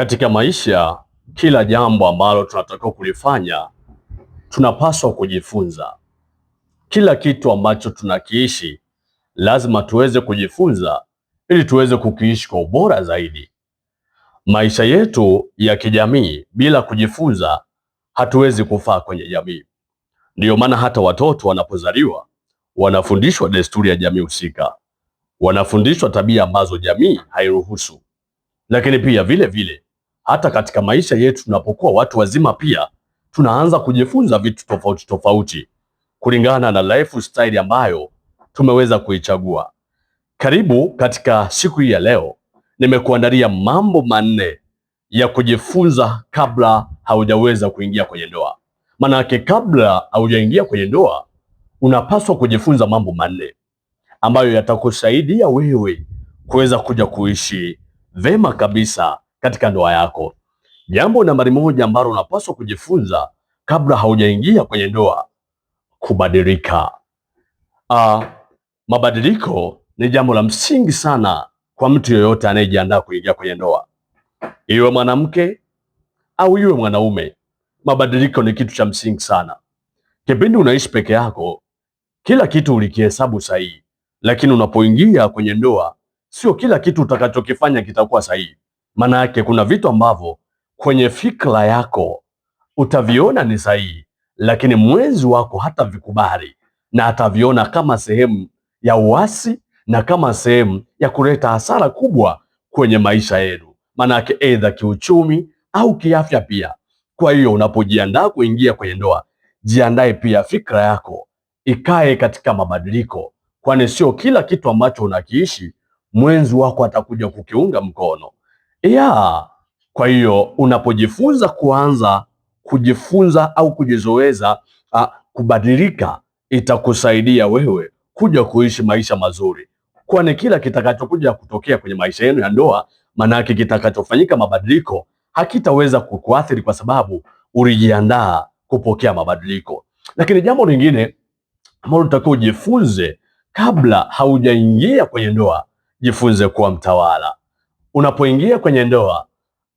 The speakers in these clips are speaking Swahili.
Katika maisha, kila jambo ambalo tunatakiwa kulifanya tunapaswa kujifunza. Kila kitu ambacho tunakiishi lazima tuweze kujifunza ili tuweze kukiishi kwa ubora zaidi. Maisha yetu ya kijamii, bila kujifunza, hatuwezi kufaa kwenye jamii. Ndiyo maana hata watoto wanapozaliwa wanafundishwa desturi ya jamii husika, wanafundishwa tabia ambazo jamii hairuhusu, lakini pia vile vile hata katika maisha yetu tunapokuwa watu wazima, pia tunaanza kujifunza vitu tofauti tofauti kulingana na lifestyle ambayo tumeweza kuichagua. Karibu katika siku hii ya leo, nimekuandalia mambo manne ya kujifunza kabla haujaweza kuingia kwenye ndoa. Manake kabla haujaingia kwenye ndoa unapaswa kujifunza mambo manne ambayo yatakusaidia wewe kuweza kuja kuishi vema kabisa katika ndoa yako. Jambo nambari moja ambalo unapaswa kujifunza kabla haujaingia kwenye ndoa, kubadilika. Aa, ah, mabadiliko ni jambo la msingi sana kwa mtu yoyote anayejiandaa kuingia kwenye ndoa, iwe mwanamke au iwe mwanaume. Mabadiliko ni kitu cha msingi sana. Kipindi unaishi peke yako, kila kitu ulikihesabu sahihi, lakini unapoingia kwenye ndoa, sio kila kitu utakachokifanya kitakuwa sahihi. Maana yake kuna vitu ambavyo kwenye fikra yako utaviona ni sahihi, lakini mwenzi wako hatavikubali na ataviona kama sehemu ya uasi na kama sehemu ya kuleta hasara kubwa kwenye maisha yenu, maana yake aidha kiuchumi au kiafya pia. Kwa hiyo unapojiandaa kuingia kwenye ndoa, jiandae pia fikra yako ikae katika mabadiliko, kwani sio kila kitu ambacho unakiishi mwenzi wako atakuja kukiunga mkono ya Kwa hiyo unapojifunza kuanza kujifunza au kujizoeza a, kubadilika itakusaidia wewe kuja kuishi maisha mazuri, kwani kila kitakachokuja kutokea kwenye maisha yenu ya ndoa, maanake kitakachofanyika mabadiliko hakitaweza kukuathiri kwa sababu ulijiandaa kupokea mabadiliko. Lakini jambo lingine ambalo unatakiwa ujifunze kabla haujaingia kwenye ndoa, jifunze kuwa mtawala. Unapoingia kwenye ndoa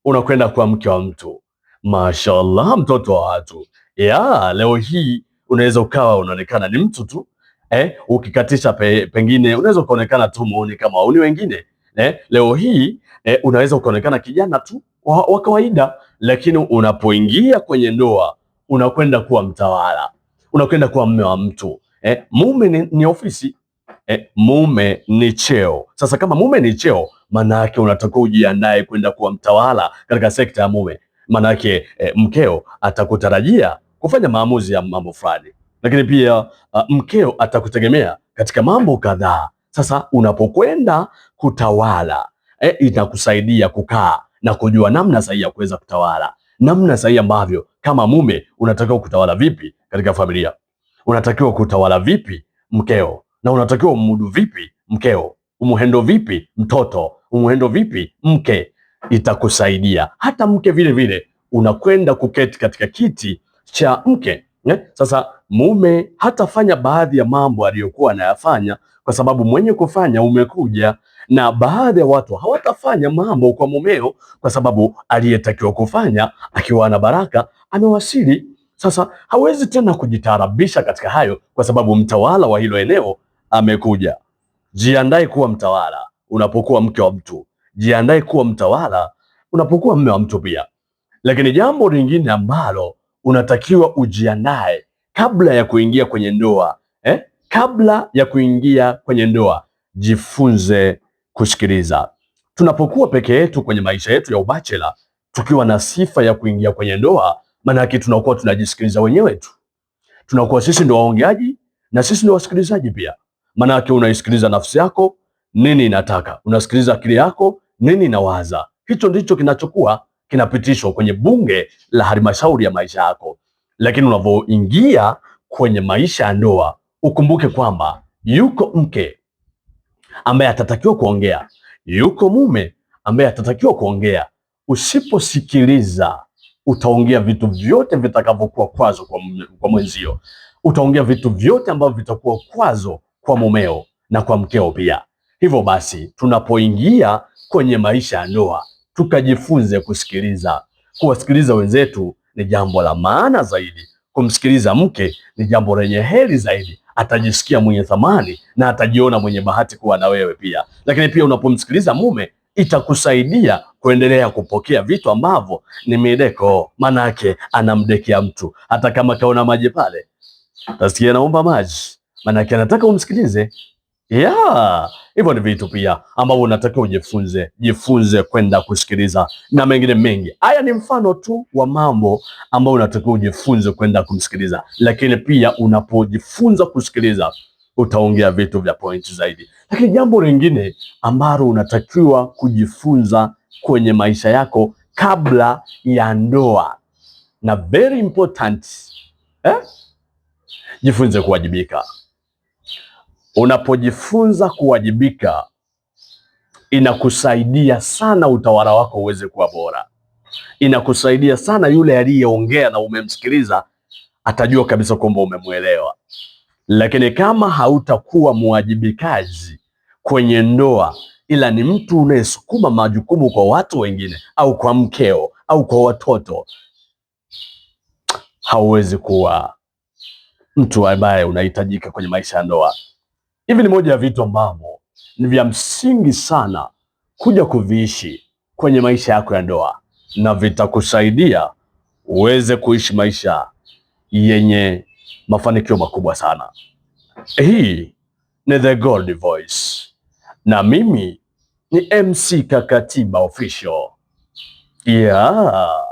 unakwenda kuwa mke wa mtu, mashallah, mtoto wa watu ya leo hii. Unaweza ukawa unaonekana ni mtu tu eh, ukikatisha pe, pengine unaweza ukaonekana tu muone kama wauni wengine eh, leo hii eh, unaweza ukaonekana kijana tu wa, wa kawaida, lakini unapoingia kwenye ndoa unakwenda kuwa mtawala, unakwenda kuwa mme wa mtu eh, mume ni, ni ofisi eh, mume ni cheo. Sasa kama mume ni cheo, maana yake unatakiwa ujiandae kwenda kuwa mtawala katika sekta ya mume, maana yake eh, mkeo atakutarajia kufanya maamuzi ya mambo fulani, lakini pia uh, mkeo atakutegemea katika mambo kadhaa. Sasa unapokwenda kutawala eh, itakusaidia kukaa na kujua namna sahihi ya kuweza kutawala, namna sahihi ambavyo kama mume unatakiwa kutawala vipi katika familia, unatakiwa kutawala vipi mkeo na unatakiwa umudu vipi mkeo, umuhendo vipi mtoto, umuhendo vipi mke, itakusaidia hata mke vile vile. Unakwenda kuketi katika kiti cha mke ne? Eh? Sasa mume hatafanya baadhi ya mambo aliyokuwa anayafanya kwa sababu mwenye kufanya umekuja, na baadhi ya watu hawatafanya mambo kwa mumeo kwa sababu aliyetakiwa kufanya akiwa na baraka amewasili. Sasa hawezi tena kujitarabisha katika hayo, kwa sababu mtawala wa hilo eneo amekuja. Jiandae kuwa mtawala unapokuwa mke wa mtu, jiandae kuwa mtawala unapokuwa mme wa mtu pia. Lakini jambo lingine ambalo unatakiwa ujiandae kabla ya kuingia kwenye ndoa eh? Kabla ya kuingia kwenye ndoa, jifunze kusikiliza. Tunapokuwa peke yetu kwenye maisha yetu ya ubachela, tukiwa na sifa ya kuingia kwenye ndoa, maana yake tunakuwa tunajisikiliza wenyewe tu, tunakuwa sisi ndio waongeaji na sisi ndio wasikilizaji pia yake unaisikiliza nafsi yako nini inataka, unasikiliza akili yako nini inawaza. Hicho ndicho kinachokuwa kinapitishwa kwenye bunge la halmashauri ya maisha yako. Lakini unavyoingia kwenye maisha ya ndoa, ukumbuke kwamba yuko mke ambaye atatakiwa kuongea, yuko mume ambaye atatakiwa kuongea. Usiposikiliza utaongea vitu vyote vitakavyokuwa kwazo kwa mwenzio. Utaongea vitu vyote ambavyo vitakuwa kwazo kwa mumeo na kwa mkeo pia. Hivyo basi, tunapoingia kwenye maisha ya ndoa tukajifunze kusikiliza. Kuwasikiliza wenzetu ni jambo la maana zaidi. Kumsikiliza mke ni jambo lenye heri zaidi, atajisikia mwenye thamani na atajiona mwenye bahati kuwa na wewe pia. Lakini pia unapomsikiliza mume itakusaidia kuendelea kupokea vitu ambavyo ni mideko, manake anamdekia mtu. Hata kama kaona maji pale, tasikia naomba maji Maanake anataka umsikilize. Yeah, hivyo ni vitu pia ambavyo unatakiwa ujifunze, jifunze kwenda kusikiliza na mengine mengi. Haya ni mfano tu wa mambo ambayo unatakiwa ujifunze kwenda kumsikiliza, lakini pia unapojifunza kusikiliza utaongea vitu vya pointi zaidi. Lakini jambo lingine ambalo unatakiwa kujifunza kwenye maisha yako kabla ya ndoa na very important eh? Jifunze kuwajibika. Unapojifunza kuwajibika inakusaidia sana utawala wako uweze kuwa bora, inakusaidia sana yule aliyeongea na umemsikiliza atajua kabisa kwamba umemwelewa. Lakini kama hautakuwa mwajibikaji kwenye ndoa, ila ni mtu unayesukuma majukumu kwa watu wengine au kwa mkeo au kwa watoto, hauwezi kuwa mtu ambaye unahitajika kwenye maisha ya ndoa. Hivi ni moja ya vitu ambavyo ni vya msingi sana kuja kuviishi kwenye maisha yako ya ndoa, na vitakusaidia uweze kuishi maisha yenye mafanikio makubwa sana. Hii ni The Gold Voice na mimi ni MC Kakatiba Official, yeah.